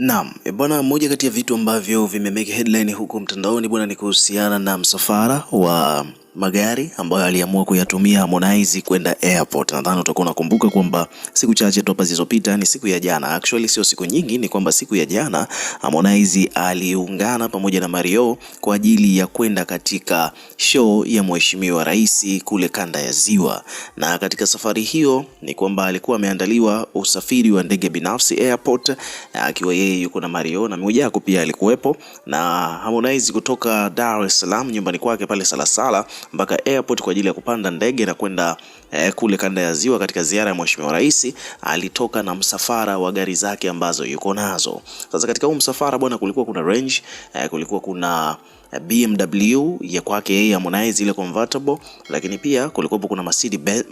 Naam, e bwana, moja kati ya vitu ambavyo vimemake headline huko mtandaoni bwana ni kuhusiana na msafara wa magari ambayo aliamua kuyatumia Harmonize kwenda airport. Nadhani utakuwa unakumbuka kwamba siku chache tu hapa zilizopita, ni siku ya jana actually, sio siku nyingi, ni kwamba siku ya jana Harmonize aliungana pamoja na Mario kwa ajili ya kwenda katika show ya Mheshimiwa Rais kule kanda ya Ziwa, na katika safari hiyo ni kwamba alikuwa ameandaliwa usafiri wa ndege binafsi airport, akiwa yeye yuko na Mario na Mwijaku pia alikuwepo, na Harmonize kutoka Dar es Salaam nyumbani kwake pale Salasala mpaka airport kwa ajili ya kupanda ndege na kwenda eh, kule kanda ya ziwa katika ziara ya Mheshimiwa Rais. Alitoka na msafara wa gari zake ambazo yuko nazo. Sasa katika huu msafara bwana, kulikuwa kuna Range eh, kulikuwa kuna eh, BMW ya kwake yeye Harmonize ile convertible, lakini pia kulikuwa kuna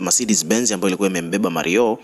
Mercedes Benz ambayo ilikuwa imembeba Mario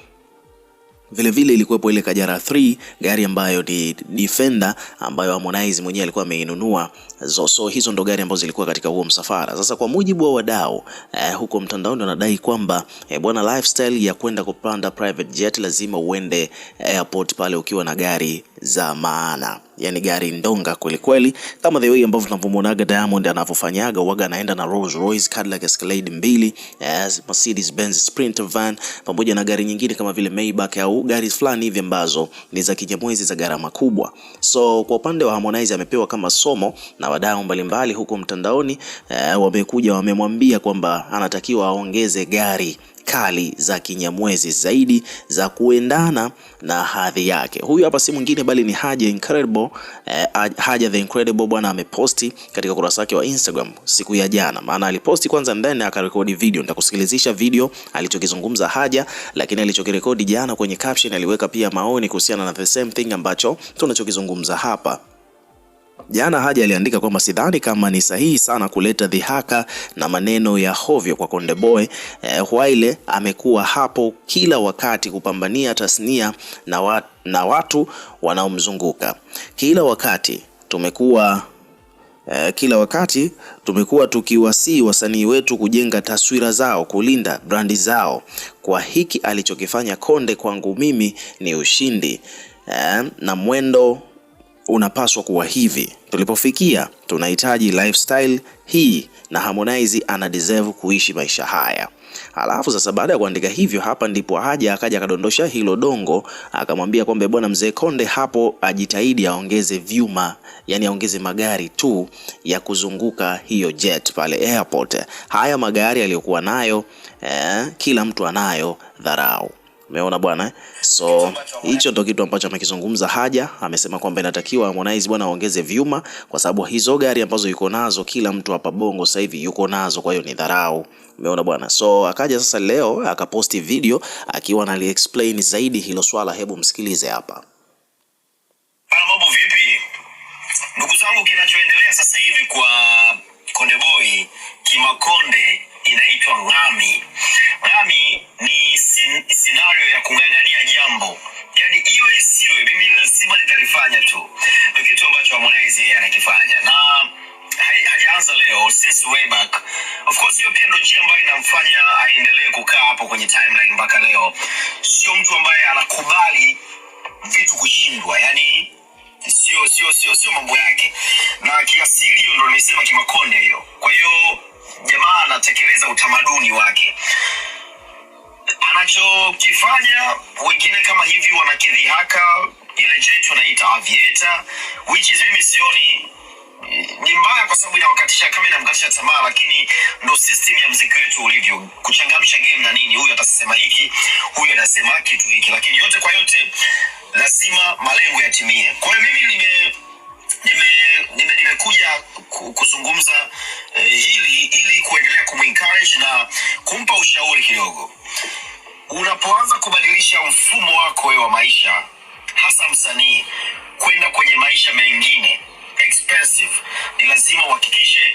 Vilevile ilikuwepo ile kajara 3 gari ambayo ni Defender ambayo Harmonize mwenyewe alikuwa ameinunua. So, so hizo ndo gari ambazo zilikuwa katika huo msafara. Sasa kwa mujibu wa wadau eh, huko mtandaoni wanadai kwamba eh, bwana lifestyle ya kwenda kupanda private jet lazima uende eh, airport pale ukiwa na gari za maana yani gari ndonga kweli kweli, kama the way ambavyo tunavyomuonaga Diamond anavyofanyaga, waga anaenda na Rolls Royce, Cadillac Escalade mbili, yes, Mercedes Benz Sprinter van pamoja na gari nyingine kama vile Maybach au gari fulani hivi ambazo ni za kijamwezi za gharama kubwa. So kwa upande wa Harmonize amepewa kama somo na wadau mbalimbali huko mtandaoni, eh, wamekuja wamemwambia kwamba anatakiwa aongeze gari kali za Kinyamwezi zaidi za kuendana na hadhi yake. Huyu hapa si mwingine bali ni Haja Incredible, eh, Haja the Incredible bwana ameposti katika ukurasa wake wa Instagram siku ya jana. Maana aliposti kwanza ndani akarekodi video. Nitakusikilizisha video alichokizungumza Haja, lakini alichokirekodi jana kwenye caption aliweka pia maoni kuhusiana na the same thing ambacho tunachokizungumza hapa. Jana Haji aliandika kwamba sidhani kama ni sahihi sana kuleta dhihaka na maneno ya hovyo kwa Konde Boy. Eh, Waile amekuwa hapo kila wakati kupambania tasnia na, wa, na watu wanaomzunguka kila wakati tumekuwa eh, kila wakati tumekuwa tukiwasii wasanii wetu kujenga taswira zao, kulinda brandi zao. Kwa hiki alichokifanya Konde kwangu mimi ni ushindi eh, na mwendo unapaswa kuwa hivi. Tulipofikia tunahitaji lifestyle hii na Harmonize ana deserve kuishi maisha haya. Alafu sasa baada ya kuandika hivyo, hapa ndipo haja akaja akadondosha hilo dongo, akamwambia kwamba bwana mzee Konde hapo ajitahidi aongeze vyuma, yani aongeze magari tu ya kuzunguka hiyo jet pale airport. Haya magari aliyokuwa nayo eh, kila mtu anayo dharau. Umeona bwana eh? So hicho ndo kitu ambacho amekizungumza Haja, amesema kwamba inatakiwa Harmonize bwana aongeze vyuma, kwa sababu hizo gari ambazo yuko nazo kila mtu hapa Bongo sasa hivi yuko nazo, kwa hiyo ni dharau. Umeona bwana, so akaja sasa leo akaposti video akiwa na explain zaidi hilo swala, hebu msikilize hapa. Mambo vipi ndugu zangu, kinachoendelea sasa hivi kwa Konde Boy Kimakonde kwenye timeline mpaka leo, sio mtu ambaye anakubali vitu kushindwa, yani sio sio sio sio mambo yake, na kiasili hiyo ndo nimesema kimakonde hiyo. Kwa hiyo jamaa anatekeleza utamaduni wake anachokifanya. Wengine kama hivi wanakidhihaka ile jetu anaita avieta, which is mimi sioni ni mbaya kwa sababu inawakatisha kama inamkatisha tamaa, lakini ndo system ya mziki wetu ulivyo, kuchangamsha game na nini. Huyu atasema hiki, huyu anasema kitu hiki, lakini yote kwa yote lazima malengo yatimie. Kwa hiyo mimi nime nime nimekuja nime kuzungumza eh, hili ili kuendelea kumencourage na kumpa ushauri kidogo. Unapoanza kubadilisha mfumo wako wa maisha, hasa msanii, kwenda kwenye maisha mengine expensive. Ni lazima uhakikishe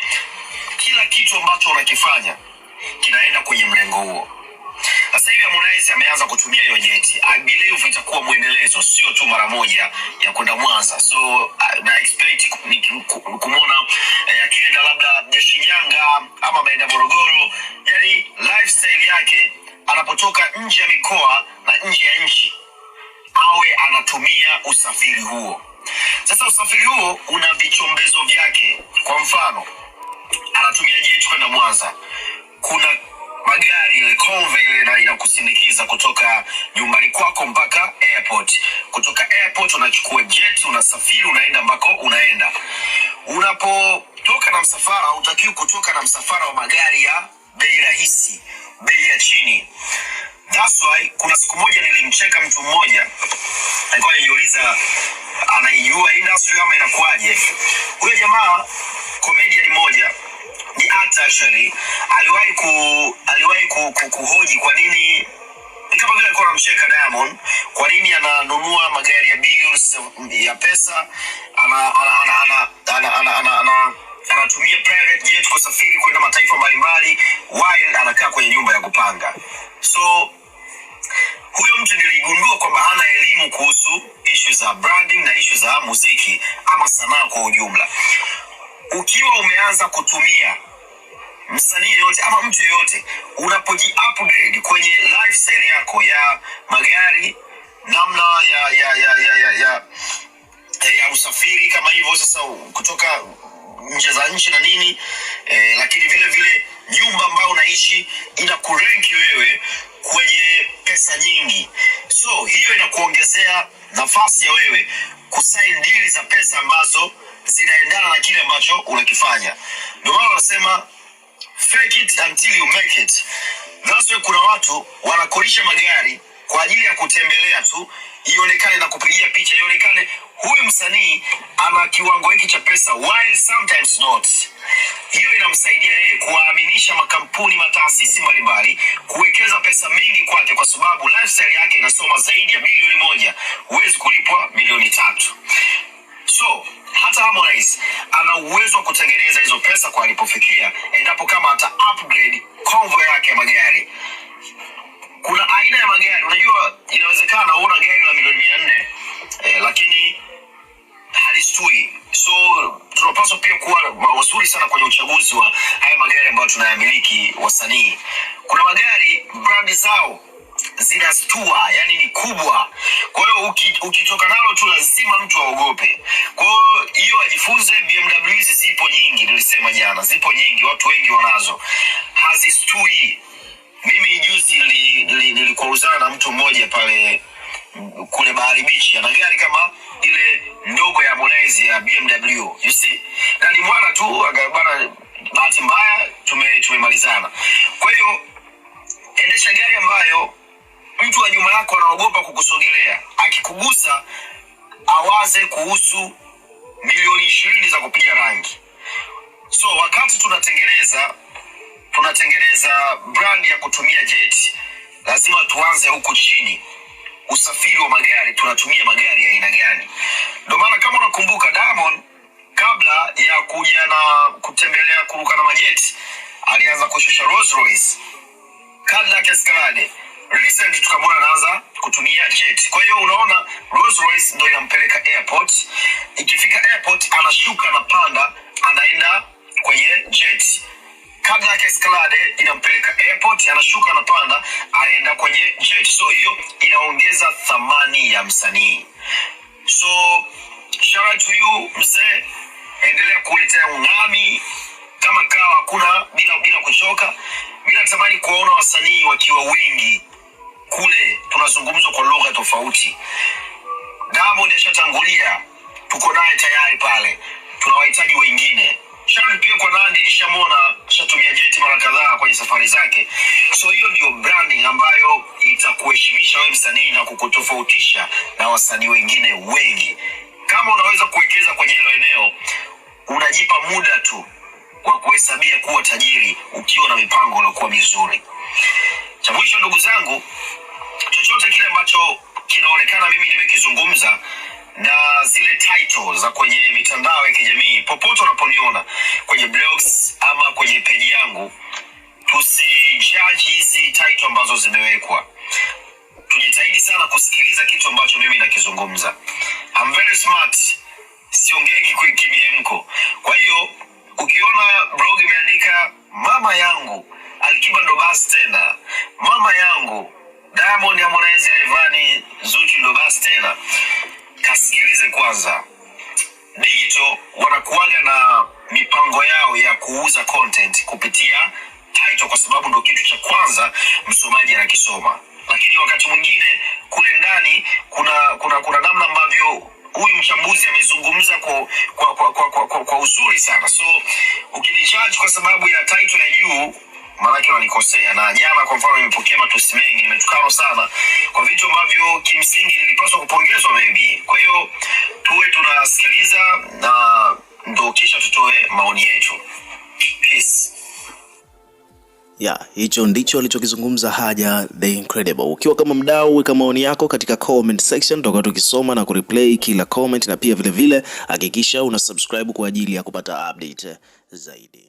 kila kitu ambacho unakifanya kinaenda kwenye mlengo huo. Sasa hivi Harmonize ameanza kutumia hiyo jeti. I believe itakuwa mwendelezo, sio tu mara moja ya kwenda Mwanza. So uh, na expect kumuona eh, akienda labda jeshi nyanga ama ameenda Morogoro, yani lifestyle yake anapotoka nje ya mikoa na nje ya nchi awe anatumia usafiri huo. Sasa usafiri huo una vichombezo vyake. Kwa mfano, anatumia jetu kwenda Mwanza, kuna magari ile konve ile na inakusindikiza kutoka nyumbani kwako mpaka airport. Kutoka airport unachukua jet, unasafiri, unaenda mbako unaenda. Unapotoka na msafara, utakiwa kutoka na msafara wa magari ya bei rahisi, bei ya chini. That's why kuna siku moja nilimcheka mtu mmoja, alikuwa anajiuliza anaijua industry ama inakuwaje. Huyo jamaa comedian mmoja ni actor actually, aliwahi ku aliwahi ku, ku, kuhoji kwa nini kama vile alikuwa anamcheka Diamond, kwa nini ananunua magari ya bills ya pesa, ana ana ana ana ana, ana, ana, ana anatumia private jet kusafiri kwenda mataifa mbalimbali while anakaa kwenye nyumba ya kupanga so huyo mtu niligundua kwamba hana elimu kuhusu ishu za branding na ishu za muziki ama sanaa kwa ujumla. Ukiwa umeanza kutumia msanii yoyote ama mtu yoyote, unapoji upgrade kwenye lifestyle yako ya magari, namna ya ya ya ya, ya, ya, ya usafiri kama hivyo sasa kutoka nje za nchi na nini eh, lakini vile vile nyumba ambayo unaishi ina kurenki wewe kwenye pesa nyingi, so hiyo inakuongezea nafasi ya wewe kusaini dili za pesa ambazo zinaendana na kile ambacho unakifanya. Ndio maana wanasema fake it until you make it. kuna watu wanakolisha magari kwa ajili ya kutembelea tu, ionekane na kupigia picha, ionekane huyu msanii ana kiwango hiki cha pesa, while sometimes not. Hiyo inamsaidia yeye kuwaaminisha makampuni, mataasisi mbalimbali kuwekeza pesa mingi kwake, kwa sababu lifestyle yake inasoma zaidi ya bilioni moja. Huwezi kulipwa bilioni tatu. So hata Harmonize ana uwezo wa kutengeneza hizo pesa kwa alipofikia, endapo kama ata upgrade convo yake ya magari wasanii. Kuna magari brandi zao zinastua, yani ni kubwa. Kwa hiyo ukitoka uki nalo tu lazima mtu aogope. Kwa hiyo hiyo ajifunze. BMW hizi zipo nyingi, nilisema jana, zipo nyingi, watu wengi wanazo, hazistui. Mimi juzi nilikuuzana na mtu mmoja pale kule Bahari Beach, ana gari kama ile ndogo ya Harmonize ya BMW you see? tumemalizana. Kwa hiyo endesha gari ambayo mtu wa nyuma yako anaogopa kukusogelea, akikugusa awaze kuhusu milioni ishirini za kupiga rangi. So wakati tunatengeneza tunatengeneza brand ya kutumia jet, lazima tuanze huko chini. Usafiri wa magari, tunatumia magari ya aina gani? Ndio maana kama unakumbuka Diamond kabla ya kuja na kutembelea kuruka na majeti alianza kushusha Rolls Royce kabla ya Cascade. Recent tukamwona anaanza kutumia jet. Kwa hiyo unaona Rolls Royce ndio inampeleka airport. Ikifika airport anashuka na panda anaenda kwenye jet. Kabla ya Escalade inampeleka airport, anashuka na panda anaenda kwenye jet. So hiyo inaongeza thamani ya msanii. So shout out to you mzee, endelea kuletea ungami kama kawa hakuna bila, bila kuchoka. mimi natamani kuona wasanii wakiwa wengi kule, tunazungumzwa kwa lugha tofauti. Diamond ashatangulia, tuko naye tayari pale, tunawahitaji wengine. Shani pia kwa Nandi nishamwona shatumia jeti mara kadhaa kwenye safari zake, so hiyo ndio branding ambayo itakuheshimisha wewe msanii na kukutofautisha na wasanii wengine wengi. Kama unaweza kuwekeza kwenye hilo eneo, unajipa muda tu kwa kuhesabia kuwa tajiri ukiwa na mipango uliokuwa mizuri. Cha mwisho, ndugu zangu, chochote kile ambacho kinaonekana mimi nimekizungumza na zile title za kwenye mitandao ya kijamii, popote unaponiona kwenye blogs ama kwenye peji yangu, tusijudge hizi title ambazo zimewekwa. Tujitahidi sana kusikiliza kitu ambacho mimi nakizungumza. I'm very smart, siongei kimiemko Kwa hiyo anakisoma, lakini wakati mwingine kule ndani kuna kuna kuna namna ambavyo huyu mchambuzi amezungumza kwa kwa, kwa, kwa, kwa, kwa kwa uzuri sana. So ukinijaji kwa sababu ya title ya juu maanake wanikosea Na jana kwa mfano, nimepokea matusi mengi, nimetukano sana kwa vitu ambavyo kimsingi nilipaswa kupongezwa maybe. Kwa hiyo Yeah, hicho ndicho alichokizungumza Haja the Incredible. Ukiwa kama mdau, weka maoni yako katika comment section, toka tukisoma na kureplay kila comment, na pia vilevile hakikisha vile, una subscribe kwa ajili ya kupata update zaidi.